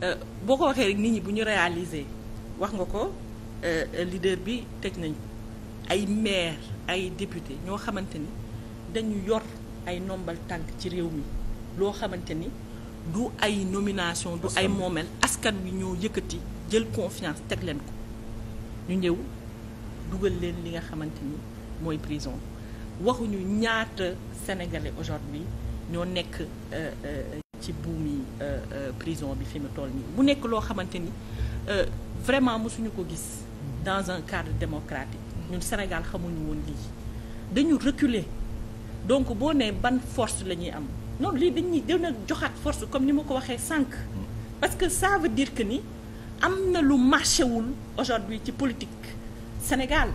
Euh, boo ko waxee rek nit ñi bu ñu réaliser wax nga ko euh, leader bi teg nañu ay maire ay député ñoo xamante ni dañu yor ay nombal tànk ci réew mi loo xamante ni du ay nomination du ay moomeel askan wi ñoo yëkkati jël confiance teg leen ko ñu ñëw dugal leen li nga xamante ni mooy prison waxuñu ñaata sénégalais aujourd'hui ñoo nekk euh, ci buumi euh, euh, prison bi fi mu toll nii mu nekk loo xamante ni euh, vraiment mosuñu ko gis dans un cadre démocratique ñun Sénégal xamuñu woon lii dañu reculer donc boo nee ban force la ñuy am non lii dañuy dina joxaat force comme ni ma ko waxee sànq parce que ça veut que ni am na lu marché wul aujourd'hui ci politique Sénégal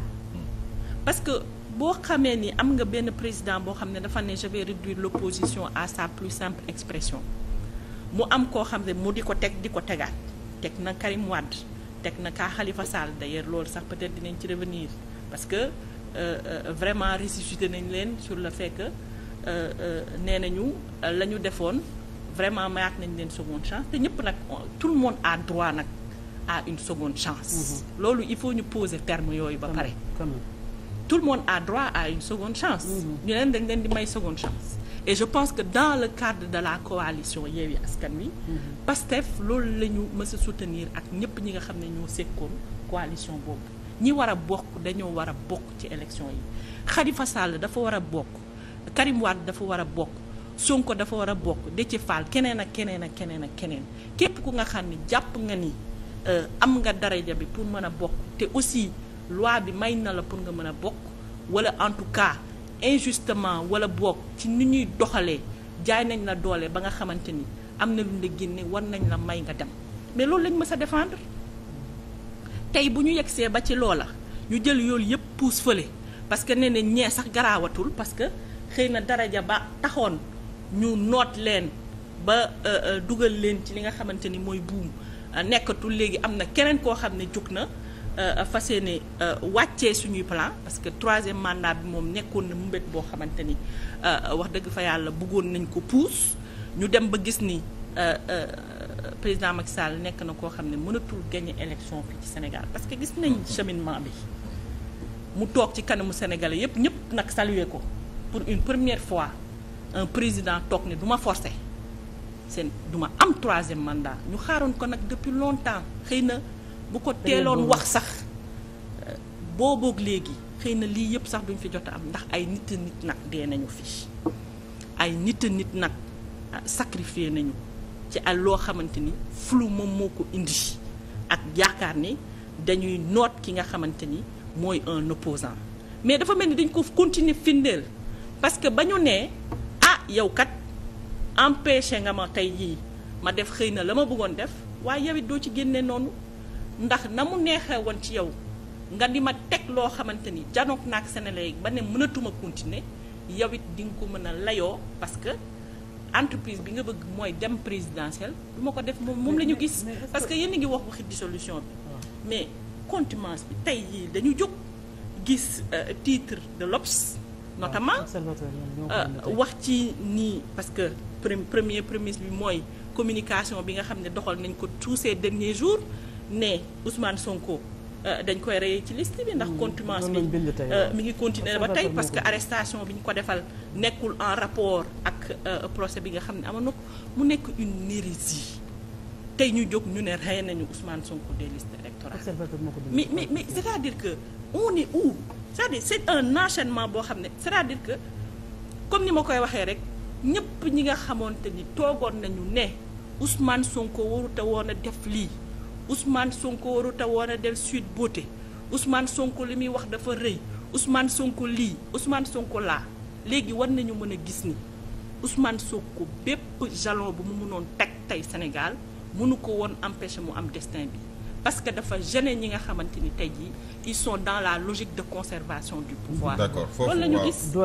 parce que boo xamee ni am nga benn président boo xam ne dafa ne je vais réduire l'opposition à sa plus simple expression mu am koo xam ne mu di ko teg di ko tegaat teg na Karim Wade teg na kaa xalifa Sall d'ailleurs loolu sax peut-être dinañ ci revenir parce que euh, euh vraiment ressuscité nañ leen sur le fait que euh, euh, nee nañu la ñu defoon vraiment mayaat nañ leen seconde chance te ñëpp nag tout le monde a droit nag à une seconde chance. Mm-hmm. loolu il faut ñu poser terme yooyu ba pare. tout le monde a droit à une seconde chance. Mhm. ñu leen dañ leen di may seconde chance. et je pense que dans le cadre de la coalition Yewwi Askan Wi. Mhm. PASTEF loolu la ñu mës soutenir ak ñëpp ñi nga xam ne ñoo sekkoon coalition boobu ñi war a bokk dañoo war a bokk ci élection yi Khalifa Sall dafa war a bokk Karim Wade dafa war a bokk Sonko dafa war a bokk Déthié Fall keneen ak keneen ak keneen ak keneen képp ku nga xam ni jàpp nga ni euh, am nga daraja bi pour mën a bokk te aussi. loi bi may na la pour nga mën a bokk wala en tout cas injustement wala bokk ci ni ñuy doxalee jaay nañ la doole ba nga xamante ni am na lu la génne war nañ la may nga dem mais loolu lañ mës a défendre tey bu ñu yegsee ba ci loola ñu jël yooyu yëpp puus fële parce que nee na ñee sax garaawatul parce que xëy na daraja ba taxoon ñu noot leen ba euh, euh, dugal leen ci li nga xamante ni mooy buum euh, nekkatul léegi am na keneen koo xam ne jóg na Euh, euh, fas yéene euh, wàccee suñuy plan parce que troisième mandat bi moom nekkoon na mu mbét boo xamante ni wax dëgg fa yàlla bëggoon nañ ko puus ñu dem ba gis ni président Macky Sall nekk na koo xam ne mënatul gagner élection fii ci Sénégal parce que gis nañ cheminement bi mu toog ci kanamu Sénégalais yépp ñëpp nag saluer ko pour une première fois un président toog ne du ma forcer seen duma am troisième mandat ñu xaaroon ko nag depuis longtemps xëy na. bu ko teeloon wax sax euh, booboog léegi xëy na lii yëpp sax duñ fi jot am ndax ay nit nit nag dee nañu fi ay nit nit nag ah, sacrifié nañu ci ay loo xamante ni flou moom moo ko indi ak yaakaar ni dañuy noot ki nga xamante ni mooy un opposant mais dafa mel ni dañ ko continuer findeel parce que ba ñu nee ah yow kat empêché nga ma tey jii ma def xëy na la ma bëggoon def waaye yow doo ci génne noonu ndax na mu neexee woon ci yow nga di ma teg loo xamante ni janoog naak Sénégalais ba ne mënatuma continuer yow it di nga ko mën a layoo parce que entreprise bi nga bëgg mooy dem présidentielle du ma ko def moom moom la ñu gis parce que yéen a ngi wax waxi dissolution bi ah. mais contumace bi tey jii dañu jóg gis euh, tiitre de l'Obs notamment ah, euh, wax ci nii parce que premier premise bi mooy communication bi nga xam ne doxal nañ ko tous ces derniers jours ne Ousmane Sonko euh, dañ koy reyee ci liste bi ndax hmm, contumace bi euh, mi ngi continuer ba tey parce que arrestation bi ñu ko defal nekkul en rapport ak euh, procès bi nga xam ne amoon na ko mu nekk une hérésie tey ñu jóg ñu ne rey nañu Ousmane Sonko des listes électorales mais mais mais c'est-à-dire que on est où cest dire boo xam ne c'est-à-dire que comme ni ma koy waxee rek ñëpp ñi nga xamante ni toogoon nañu ne Ousmane Sonko warute woon a def lii Ousmane Sonko warut a woon a del sud boote Ousmane Sonko li muy wax dafa rëy Ousmane Sonko lii Ousmane Sonko laa léegi war nañu mën a gis ni Ousmane Sonko bépp jalon bu mu mënoon teg tey Sénégal munu ko woon empêcher mu am destin bi parce que dafa gêner ñi nga xamante ni tey jii ils sont dans la logique de conservation du pouvoir. d'accord foofu waaw loolu la ñu